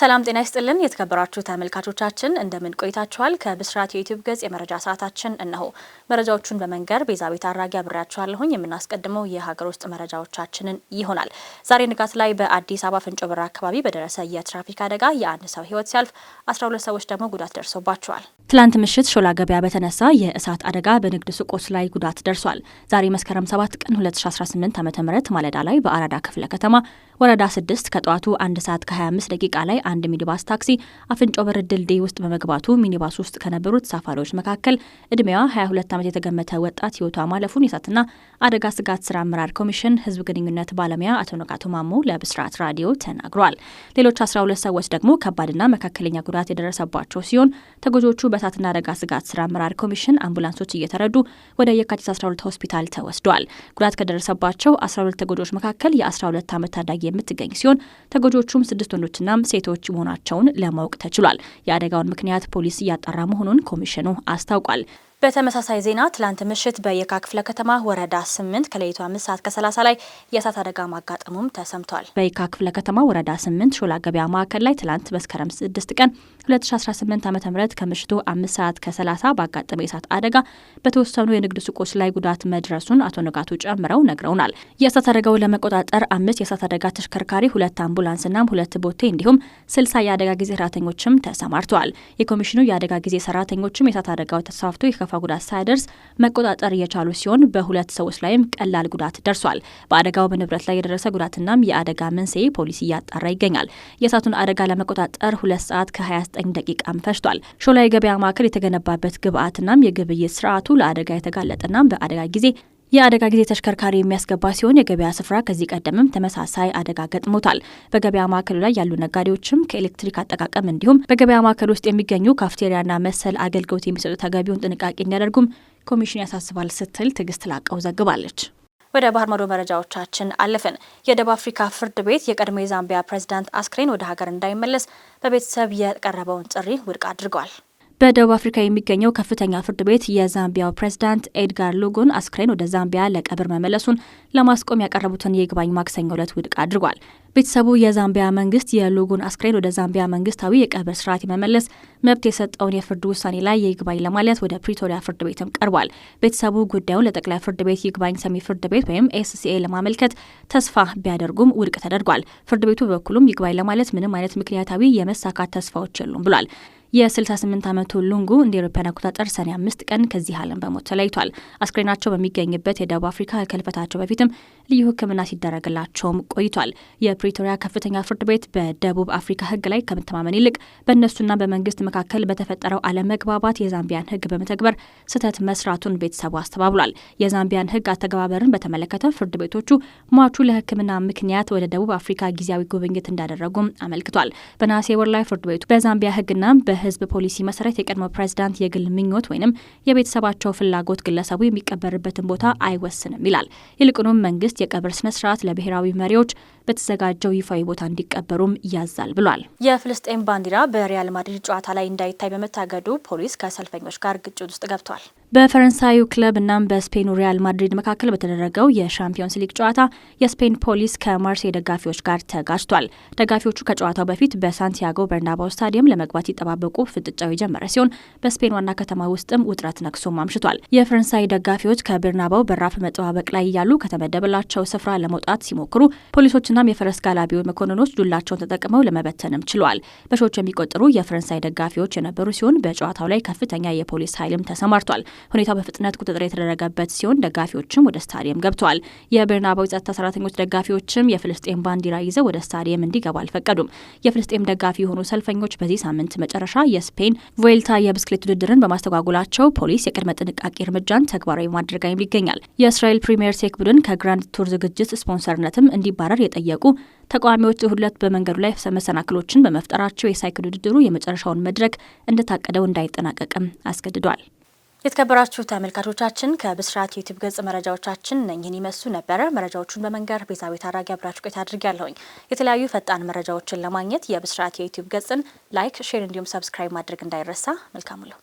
ሰላም ጤና ይስጥልን የተከበራችሁ ተመልካቾቻችን፣ እንደምን ቆይታችኋል? ከብስራት የዩቲዩብ ገጽ የመረጃ ሰዓታችን እነሆ። መረጃዎቹን በመንገር ቤዛቤት አራጊ አብሬያችኋለሁኝ። የምናስቀድመው የሀገር ውስጥ መረጃዎቻችንን ይሆናል። ዛሬ ንጋት ላይ በአዲስ አበባ ፍንጮ በር አካባቢ በደረሰ የትራፊክ አደጋ የአንድ ሰው ህይወት ሲያልፍ 12 ሰዎች ደግሞ ጉዳት ደርሶባቸዋል። ትላንት ምሽት ሾላ ገበያ በተነሳ የእሳት አደጋ በንግድ ሱቆች ላይ ጉዳት ደርሷል። ዛሬ መስከረም 7 ቀን 2018 ዓ ም ማለዳ ላይ በአራዳ ክፍለ ከተማ ወረዳ 6 ከጠዋቱ 1 ሰዓት ከ25 ደቂቃ ላይ አንድ ሚኒባስ ታክሲ አፍንጮ በር ድልድይ ውስጥ በመግባቱ ሚኒባስ ውስጥ ከነበሩ ተሳፋሪዎች መካከል ዕድሜዋ 22 ዓመት የተገመተ ወጣት ህይወቷ ማለፉን የእሳትና አደጋ ስጋት ስራ አመራር ኮሚሽን ህዝብ ግንኙነት ባለሙያ አቶ ንቃቱ ማሞ ለብስራት ራዲዮ ተናግሯል። ሌሎች 12 ሰዎች ደግሞ ከባድና መካከለኛ ጉዳት የደረሰባቸው ሲሆን ተጎጆቹ የእንስሳትና አደጋ ስጋት ስራ አመራር ኮሚሽን አምቡላንሶች እየተረዱ ወደ የካቲት 12 ሆስፒታል ተወስደዋል። ጉዳት ከደረሰባቸው 12 ተጎጂዎች መካከል የ12 ዓመት ታዳጊ የምትገኝ ሲሆን ተጎጂዎቹም ስድስት ወንዶችና ሴቶች መሆናቸውን ለማወቅ ተችሏል። የአደጋውን ምክንያት ፖሊስ እያጣራ መሆኑን ኮሚሽኑ አስታውቋል። በተመሳሳይ ዜና ትላንት ምሽት በየካ ክፍለ ከተማ ወረዳ ስምንት ከሌሊቱ አምስት ሰዓት ከሰላሳ ላይ የእሳት አደጋ ማጋጠሙም ተሰምቷል። በየካ ክፍለ ከተማ ወረዳ ስምንት ሾላ ገበያ ማዕከል ላይ ትላንት መስከረም ስድስት ቀን 2018 ዓ ም ከምሽቱ አምስት ሰዓት ከሰላሳ ባጋጠመ የእሳት አደጋ በተወሰኑ የንግድ ሱቆች ላይ ጉዳት መድረሱን አቶ ንጋቱ ጨምረው ነግረውናል። የእሳት አደጋውን ለመቆጣጠር አምስት የእሳት አደጋ ተሽከርካሪ፣ ሁለት አምቡላንስና ሁለት ቦቴ እንዲሁም ስልሳ የአደጋ ጊዜ ሰራተኞችም ተሰማርተዋል። የኮሚሽኑ የአደጋ ጊዜ ሰራተኞችም የእሳት አደጋው ተሳፍቶ የከፋ ጉዳት ሳያደርስ መቆጣጠር እየቻሉ ሲሆን በሁለት ሰዎች ላይም ቀላል ጉዳት ደርሷል። በአደጋው በንብረት ላይ የደረሰ ጉዳትናም የአደጋ መንስኤ ፖሊስ እያጣራ ይገኛል። የእሳቱን አደጋ ለመቆጣጠር ሁለት ሰዓት ከ29 ደቂቃም ፈጅቷል። ሾላ የገበያ ማዕከል የተገነባበት ግብአትናም የግብይት ስርዓቱ ለአደጋ የተጋለጠናም በአደጋ ጊዜ የአደጋ ጊዜ ተሽከርካሪ የሚያስገባ ሲሆን የገበያ ስፍራ ከዚህ ቀደምም ተመሳሳይ አደጋ ገጥሞታል። በገበያ ማዕከሉ ላይ ያሉ ነጋዴዎችም ከኤሌክትሪክ አጠቃቀም እንዲሁም በገበያ ማዕከል ውስጥ የሚገኙ ካፍቴሪያና መሰል አገልግሎት የሚሰጡ ተገቢውን ጥንቃቄ እንዲያደርጉም ኮሚሽን ያሳስባል ስትል ትዕግስት ላቀው ዘግባለች። ወደ ባህር ማዶ መረጃዎቻችን አለፍን። የደቡብ አፍሪካ ፍርድ ቤት የቀድሞ የዛምቢያ ፕሬዚዳንት አስክሬን ወደ ሀገር እንዳይመለስ በቤተሰብ የቀረበውን ጥሪ ውድቅ አድርጓል። በደቡብ አፍሪካ የሚገኘው ከፍተኛ ፍርድ ቤት የዛምቢያው ፕሬዝዳንት ኤድጋር ሉጉን አስክሬን ወደ ዛምቢያ ለቀብር መመለሱን ለማስቆም ያቀረቡትን የይግባኝ ማክሰኞ ዕለት ውድቅ አድርጓል። ቤተሰቡ የዛምቢያ መንግስት የሉጉን አስክሬን ወደ ዛምቢያ መንግስታዊ የቀብር ስርዓት የመመለስ መብት የሰጠውን የፍርድ ውሳኔ ላይ ይግባኝ ለማለት ወደ ፕሪቶሪያ ፍርድ ቤትም ቀርቧል። ቤተሰቡ ጉዳዩን ለጠቅላይ ፍርድ ቤት ይግባኝ ሰሚ ፍርድ ቤት ወይም ኤስሲኤ ለማመልከት ተስፋ ቢያደርጉም ውድቅ ተደርጓል። ፍርድ ቤቱ በበኩሉም ይግባኝ ለማለት ምንም አይነት ምክንያታዊ የመሳካት ተስፋዎች የሉም ብሏል። የ68 ዓመቱ ሉንጉ እንደ ኤሮፓያን አቆጣጠር ሰኔ አምስት ቀን ከዚህ ዓለም በሞት ተለይቷል። አስክሬናቸው በሚገኝበት የደቡብ አፍሪካ ከልፈታቸው በፊትም ልዩ ሕክምና ሲደረግላቸውም ቆይቷል። የፕሪቶሪያ ከፍተኛ ፍርድ ቤት በደቡብ አፍሪካ ሕግ ላይ ከመተማመን ይልቅ በእነሱና በመንግስት መካከል በተፈጠረው አለመግባባት የዛምቢያን ሕግ በመተግበር ስህተት መስራቱን ቤተሰቡ አስተባብሏል። የዛምቢያን ሕግ አተገባበርን በተመለከተ ፍርድ ቤቶቹ ሟቹ ለሕክምና ምክንያት ወደ ደቡብ አፍሪካ ጊዜያዊ ጉብኝት እንዳደረጉም አመልክቷል። በነሐሴ ወር ላይ ፍርድ ቤቱ በዛምቢያ ሕግና በ በህዝብ ፖሊሲ መሰረት የቀድሞ ፕሬዚዳንት የግል ምኞት ወይም የቤተሰባቸው ፍላጎት ግለሰቡ የሚቀበርበትን ቦታ አይወስንም ይላል። ይልቁንም መንግስት የቀብር ስነ ስርዓት ለብሔራዊ መሪዎች በተዘጋጀው ይፋዊ ቦታ እንዲቀበሩም ያዛል ብሏል። የፍልስጤም ባንዲራ በሪያል ማድሪድ ጨዋታ ላይ እንዳይታይ በመታገዱ ፖሊስ ከሰልፈኞች ጋር ግጭት ውስጥ ገብቷል። በፈረንሳዩ ክለብ እናም በስፔኑ ሪያል ማድሪድ መካከል በተደረገው የሻምፒዮንስ ሊግ ጨዋታ የስፔን ፖሊስ ከማርሴይ ደጋፊዎች ጋር ተጋጅቷል። ደጋፊዎቹ ከጨዋታው በፊት በሳንቲያጎ በርናባው ስታዲየም ለመግባት ይጠባበቁ ፍጥጫው የጀመረ ሲሆን በስፔን ዋና ከተማ ውስጥም ውጥረት ነክሶ አምሽቷል። የፈረንሳይ ደጋፊዎች ከበርናባው በራፍ መጠባበቅ ላይ እያሉ ከተመደበላቸው ስፍራ ለመውጣት ሲሞክሩ ፖሊሶችናም የፈረስ ጋላቢ መኮንኖች ዱላቸውን ተጠቅመው ለመበተንም ችለዋል። በሺዎች የሚቆጠሩ የፈረንሳይ ደጋፊዎች የነበሩ ሲሆን በጨዋታው ላይ ከፍተኛ የፖሊስ ኃይልም ተሰማርቷል። ሁኔታው በፍጥነት ቁጥጥር የተደረገበት ሲሆን ደጋፊዎችም ወደ ስታዲየም ገብተዋል። የበርናባው የጸጥታ ሰራተኞች ደጋፊዎችም የፍልስጤም ባንዲራ ይዘው ወደ ስታዲየም እንዲገቡ አልፈቀዱም። የፍልስጤም ደጋፊ የሆኑ ሰልፈኞች በዚህ ሳምንት መጨረሻ የስፔን ቬልታ የብስክሌት ውድድርን በማስተጓጉላቸው ፖሊስ የቅድመ ጥንቃቄ እርምጃን ተግባራዊ ማድረጋይም ይገኛል። የእስራኤል ፕሪምየር ቴክ ቡድን ከግራንድ ቱር ዝግጅት ስፖንሰርነትም እንዲባረር የጠየቁ ተቃዋሚዎች እሁድለት በመንገዱ ላይ መሰናክሎችን በመፍጠራቸው የሳይክል ውድድሩ የመጨረሻውን መድረክ እንደታቀደው እንዳይጠናቀቅም አስገድዷል። የተከበራችሁ ተመልካቾቻችን ከብስራት ዩቲዩብ ገጽ መረጃዎቻችን እነኝህን ይመስሉ ነበረ። መረጃዎቹን በመንገር ቤዛቤት አራጊ አብራችሁ ቆይታ ያለሁኝ። የተለያዩ ፈጣን መረጃዎችን ለማግኘት የብስራት የዩቲዩብ ገጽን ላይክ፣ ሼር እንዲሁም ሰብስክራይብ ማድረግ እንዳይረሳ። መልካም ለው